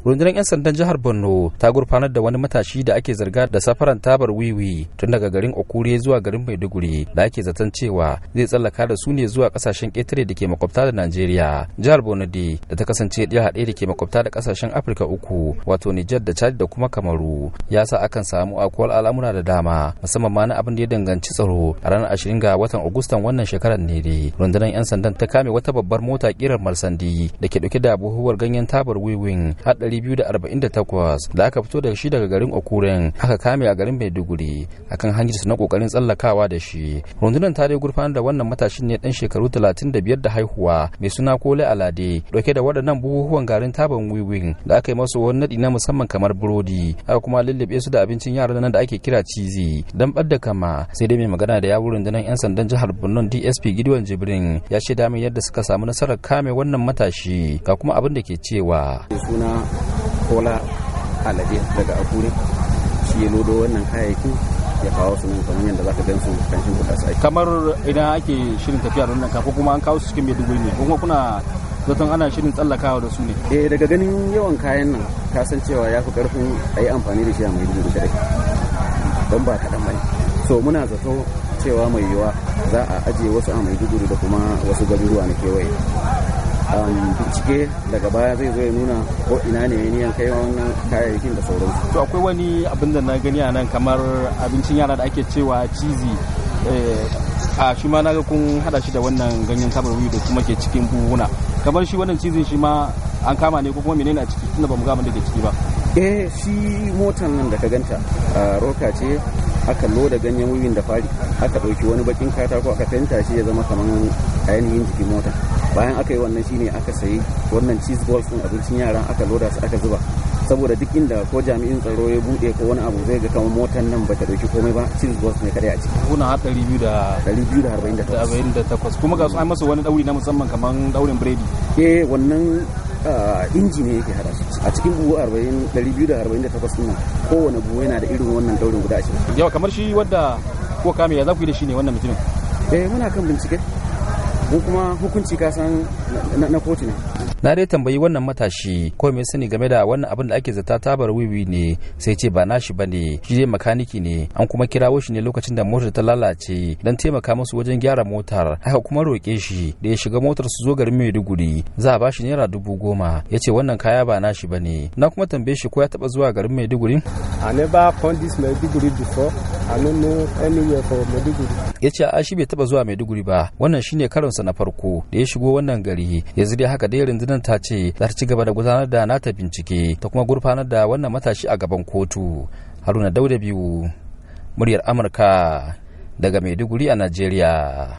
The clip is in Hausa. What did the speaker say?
rundunar 'yan sandan jihar borno ta gurfanar da wani matashi da ake zarga da safaran tabar wiwi tun daga garin okure zuwa garin maiduguri da ake zaton cewa zai tsallaka da su ne zuwa kasashen ƙetare da ke makwabta da najeriya jihar borno da ta kasance ɗaya haɗe da ke makwabta da kasashen afirka uku wato nijar da chad da kuma kamaru ya sa akan samu akwai al'amura da dama musamman ma na abin da ya danganci tsaro a ranar ashirin ga watan agustan wannan shekarar ne dai rundunar 'yan sandan ta kame wata babbar mota kirar marsandi da ke dauke da buhuwar ganyen tabar wiwin haɗari 248 da aka fito da shi daga garin okuren aka kame a garin maiduguri akan hanyar su na kokarin tsallakawa da shi rundunar ta dai gurfanar da wannan matashin ne dan shekaru 35 da haihuwa mai suna kole alade dauke da waɗannan buhuhuwan garin taban wiwin da aka yi masu wani naɗi na musamman kamar burodi aka kuma lullube su da abincin yara nan da ake kira cizi dan ɓadda kama sai dai mai magana da yawun rundunar 'yan sandan jihar borno dsp gidwan jibrin ya ce damin yadda suka samu nasarar kame wannan matashi ga kuma abin da ke cewa kola alade daga akure shi ya lodo wannan kayayyakin ya kawo su nan kamar yadda za ka gansu kanshin kuka sai kamar idan ake shirin tafiya da wannan kafa kuma an kawo su cikin dubu ne kuma kuna zaton ana shirin tsallakawa da su ne eh daga ganin yawan kayan nan ka san cewa ya fi karfin a yi amfani da shi a mai da kadai don ba kaɗan ba so muna zato cewa mai yiwa za a ajiye wasu a mai duguri da kuma wasu garuruwa na kewaye bincike daga baya zai zo ya nuna ko ina ne niyan kai wannan kayayyakin da sauran To akwai wani abin da na gani a nan kamar abincin yara da ake cewa cizi eh, a shi ma na ga kun hada shi da wannan ganyen tabarwi da kuma ke cikin buhuna kamar shi wannan cizin shi ma an kama ne ko kuma menene a ciki tunda ba mu ga da ke ciki ba E shi motan nan da ka ganta roka ce aka loda ganyen wiwin da fari aka ɗauki wani bakin katako aka fenta shi ya zama kamar ainihin jikin motan bayan aka yi wannan shine aka sayi wannan cheese balls din abincin yaran aka loda su aka zuba saboda duk inda ko jami'in tsaro ya bude ko wani abu zai ga kamar motar nan bata dauki komai ba cheese balls ne kada a ciki kuna har 248 kuma ga su ai masa wani dauri na musamman kamar daurin biredi eh wannan ah, inji ne yake hada su a cikin buhu 248 din kowane buhu yana da irin wannan daurin guda 20 yawa kamar shi wadda ko kame ya zaku yi da shi ne wannan mutumin eh muna kan bincike ko kuma hukunci ka san na kotu ne na dai tambayi wannan matashi ko me sani game da wannan abin da ake zata tabar wiwi ne sai ce ba nashi bane shi dai makaniki ne an kuma kirawo shi ne lokacin da motar ta lalace don taimaka musu wajen gyara motar haka kuma roƙe shi da ya shiga motar su zo garin Maiduguri za a ba shi naira dubu goma ya ce wannan kaya ba nashi bane na kuma tambaye shi ko ya taba zuwa garin Maiduguri a never come this Maiduguri before I don't anywhere for Maiduguri. Ya ce a shi bai taba zuwa Maiduguri ba, wannan shine karonsa na farko da ya shigo wannan gari. Yanzu dai haka dai rundunar ta ce za ta ci gaba da gudanar da nata bincike ta kuma gurfanar da wannan matashi a gaban kotu. Haruna Dauda biyu, muryar Amurka daga Maiduguri a Najeriya.